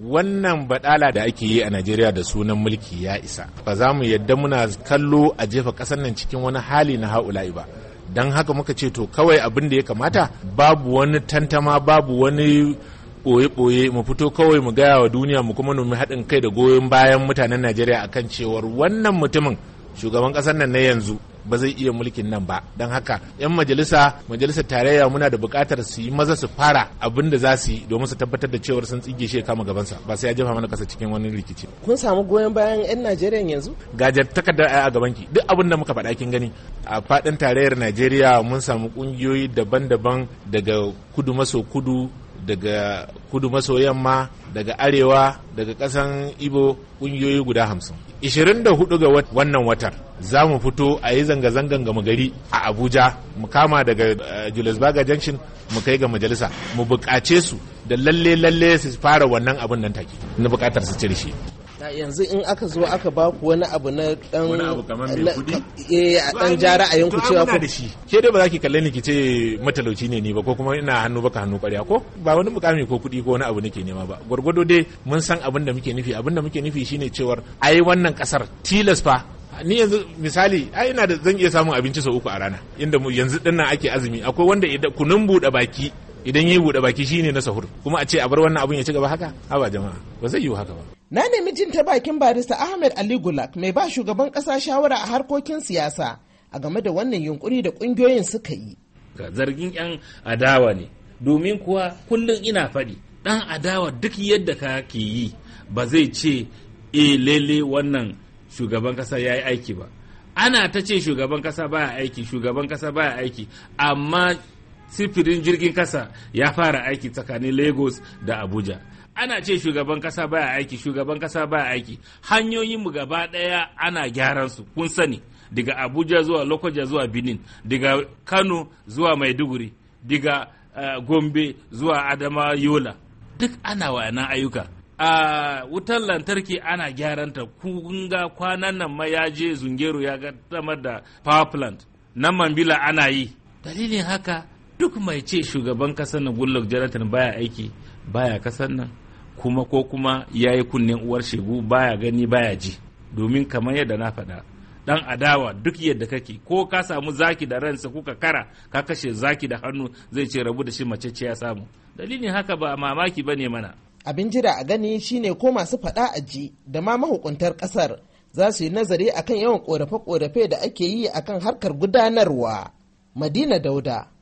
wannan baɗala da ake yi a najeriya da sunan mulki ya isa ba za mu yadda muna kallo a jefa ƙasar nan cikin wani hali na ha'ula'i ba don haka muka ce to kawai abin da ya kamata babu wani tantama babu wani ɓoye-ɓoye mu fito kawai mu gaya wa duniya mu kuma nomi haɗin kai da goyon bayan mutanen najeriya akan cewar wannan mutumin shugaban ƙasar nan na yanzu ba zai iya mulkin nan ba don haka 'yan majalisa majalisa tarayya muna da bukatar su yi maza su fara abin da za su yi domin su tabbatar da cewar sun tsige shi ya kama gabansa ba sai ya jefa mana kasa cikin wani rikici kun samu goyon bayan 'yan najeriya yanzu gajar takardar a gaban ki duk abin da muka faɗa kin gani a faɗin tarayyar najeriya mun samu kungiyoyi daban-daban daga kudu maso kudu daga kudu maso yamma daga arewa daga kasan ibo kungiyoyi guda hamsin 24 ga wannan watar za mu fito a yi zanga-zangan gama gari a abuja mu kama daga eh, baga junction mu kai ga majalisa mu bukace su da lalle lalle su fara wannan abin nan take na buƙatar su cire shi yanzu in aka zo aka ba ku wani abu na dan eh a dan ja ra'ayin ku cewa ku shi ke dai ba za ki kalle ni ki ce matalauci ne ni ba ko kuma ina hannu baka hannu ƙarya ko ba wani mukami ko kudi ko wani abu nake nema ba gwargwado dai mun san abin da muke nufi abin da muke nufi shine cewar ai wannan kasar tilas fa ni yanzu misali ai ina da zan iya samun abinci sau uku a rana inda yanzu dinnan ake azumi akwai wanda idan kunun buɗe baki idan ya buɗe baki shine na sahur kuma a ce a bar wannan abun ya ci gaba haka ba jama'a ba zai yi haka ba Na nemi jin ta bakin barista Ahmed Ali Gulak mai ba shugaban ƙasa shawara a harkokin siyasa a game da wannan yunkuri da ƙungiyoyin suka yi. Zargin 'yan adawa ne, domin kuwa kullum ina faɗi ɗan adawa duk yadda ka ke yi ba zai ce e eh, lele wannan shugaban ƙasa ya yi aiki ba. Ana ta ce shugaban kasa baya aiki, shugaban kasa baya aiki, amma sifirin jirgin kasa ya fara aiki tsakanin lagos da abuja ana ce shugaban kasa baya aiki shugaban kasa baya aiki hanyoyin mu gaba daya ana gyaran su kun sani daga abuja zuwa lokoja zuwa benin daga kano zuwa maiduguri daga uh, gombe zuwa adama yola duk ana wa'annan ayyuka a uh, wutar lantarki ana gyaranta ga kwanan nan ma ya je zungero ya ga da power plant na mambila ana yi dalilin haka duk mai ce shugaban kasar nan gullok jonathan baya aiki baya kasar nan kuma ko kuma ya yi kunnen uwar shegu baya gani baya ji domin kamar yadda na faɗa dan adawa duk yadda kake ko ka samu zaki da ransa kuka kara ka kashe zaki da hannu zai ce rabu da shi mace ce ya samu dalilin haka ba mamaki ba ne mana abin jira a gani shine ko masu faɗa a ji da ma mahukuntar ƙasar za su yi nazari akan yawan ƙorafe-ƙorafe da ake yi akan harkar gudanarwa madina dauda